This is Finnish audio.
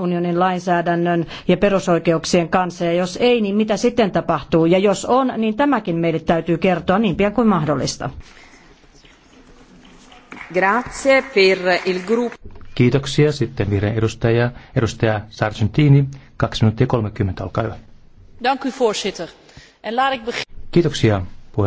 unionin lainsäädännön ja perusoikeuksien kanssa. Ja jos ei, niin mitä sitten tapahtuu? Ja jos on, niin tämäkin meille täytyy kertoa niin pian kuin mahdollista. Grazie per il gruppo. Kiitoksia. Sitten vihreän edustaja, edustaja Sargentini, 2 minuuttia 30, olkaa hyvä. Dank u voorzitter. En laat ik Kiitoksia